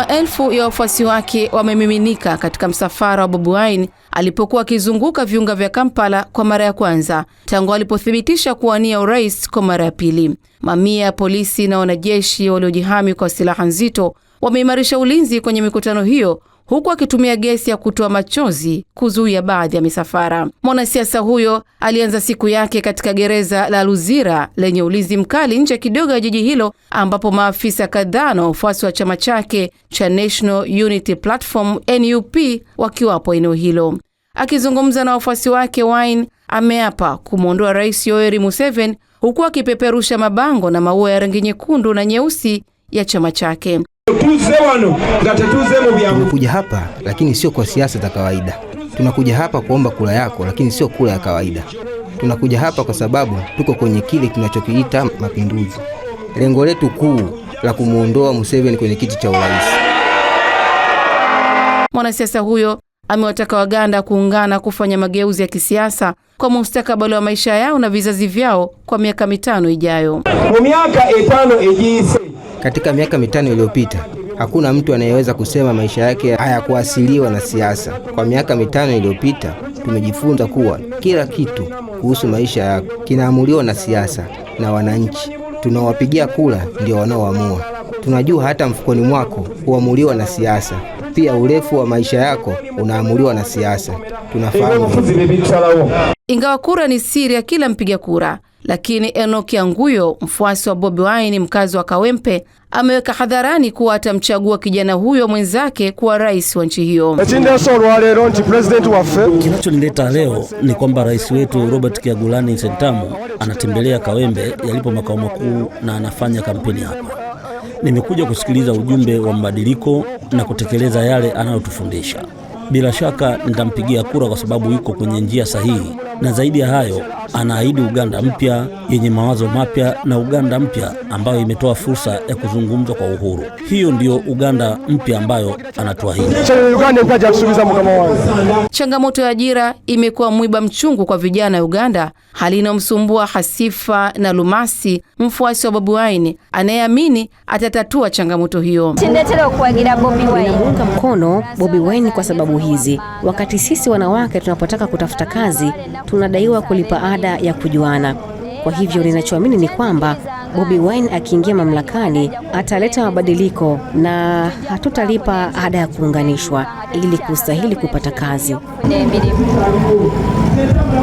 Maelfu ya wafuasi wake wamemiminika katika msafara wa Bobi Wine alipokuwa akizunguka viunga vya Kampala kwa mara ya kwanza tangu alipothibitisha kuwania urais kwa mara ya pili. Mamia ya polisi na wanajeshi waliojihami kwa silaha nzito wameimarisha ulinzi kwenye mikutano hiyo huku akitumia gesi ya kutoa machozi kuzuia baadhi ya misafara. Mwanasiasa huyo alianza siku yake katika gereza la Luzira lenye ulinzi mkali nje kidogo ya jiji hilo, ambapo maafisa kadhaa na wafuasi wa chama chake cha National Unity Platform NUP wakiwapo eneo hilo. Akizungumza na wafuasi wake, Wine ameapa kumwondoa Rais Yoweri Museveni huku akipeperusha mabango na maua ya rangi nyekundu na nyeusi ya chama chake. Tunakuja hapa lakini sio kwa siasa za kawaida. Tunakuja hapa kuomba kura yako, lakini sio kura ya kawaida. Tunakuja hapa kwa sababu tuko kwenye kile tunachokiita mapinduzi, lengo letu kuu la kumwondoa Museveni kwenye kiti cha urais. Mwanasiasa huyo amewataka Waganda kuungana kufanya mageuzi ya kisiasa kwa mustakabali wa maisha yao na vizazi vyao kwa miaka mitano ijayo. Mu miaka etano ijise katika miaka mitano iliyopita hakuna mtu anayeweza kusema maisha yake hayakuasiliwa na siasa. Kwa miaka mitano iliyopita tumejifunza kuwa kila kitu kuhusu maisha yako kinaamuliwa na siasa na wananchi. Tunaowapigia kula ndio wanaoamua. Tunajua hata mfukoni mwako huamuliwa na siasa, pia urefu wa maisha yako unaamuliwa na siasa. Tunafahamu. Ingawa kura ni siri ya kila mpiga kura lakini Enoki Anguyo, mfuasi wa Bobi Wine, mkazi wa Kawempe, ameweka hadharani kuwa atamchagua kijana huyo mwenzake kuwa rais wa nchi hiyo. Kinachonileta leo ni kwamba rais wetu Robert kiagulani Sentamu anatembelea Kawembe yalipo makao makuu na anafanya kampeni hapa. Nimekuja kusikiliza ujumbe wa mabadiliko na kutekeleza yale anayotufundisha. Bila shaka nitampigia kura kwa sababu yuko kwenye njia sahihi, na zaidi ya hayo, anaahidi Uganda mpya yenye mawazo mapya na Uganda mpya ambayo imetoa fursa ya kuzungumzwa kwa uhuru. Hiyo ndiyo Uganda mpya ambayo anatuahidi. Changamoto ya ajira imekuwa mwiba mchungu kwa vijana ya Uganda, hali inayomsumbua Hasifa na Lumasi mfuasi wa Bobi Wine anayeamini atatatua changamoto hiyo. Ninamuunga mkono Bobi Wine kwa sababu hizi. Wakati sisi wanawake tunapotaka kutafuta kazi, tunadaiwa kulipa ada ya kujuana. Kwa hivyo ninachoamini ni kwamba Bobi Wine akiingia mamlakani ataleta mabadiliko na hatutalipa ada ya kuunganishwa ili kustahili kupata kazi.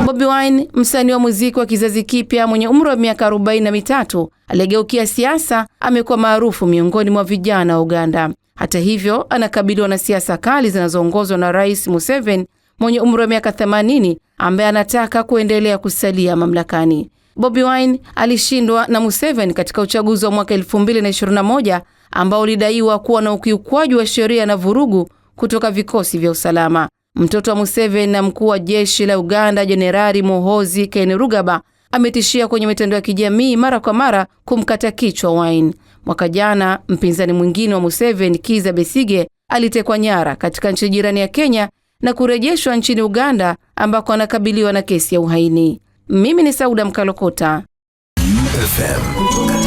Bobi Wine, msanii wa muziki wa kizazi kipya mwenye umri wa miaka arobaini na mitatu aliyegeukia siasa, amekuwa maarufu miongoni mwa vijana wa Uganda. Hata hivyo, anakabiliwa na siasa kali zinazoongozwa na Rais Museveni mwenye umri wa miaka 80 ambaye anataka kuendelea kusalia mamlakani. Bobi Wine alishindwa na Museveni katika uchaguzi wa mwaka 2021 ambao ulidaiwa kuwa na ukiukwaji wa sheria na vurugu kutoka vikosi vya usalama. Mtoto wa Museveni na mkuu wa jeshi la Uganda Jenerali Muhoozi Kainerugaba ametishia kwenye mitandao ya kijamii mara kwa mara kumkata kichwa Wine. Mwaka jana mpinzani mwingine wa Museveni Kiza Besige alitekwa nyara katika nchi jirani ya Kenya na kurejeshwa nchini Uganda ambako anakabiliwa na kesi ya uhaini. Mimi ni Sauda Mkalokota FM.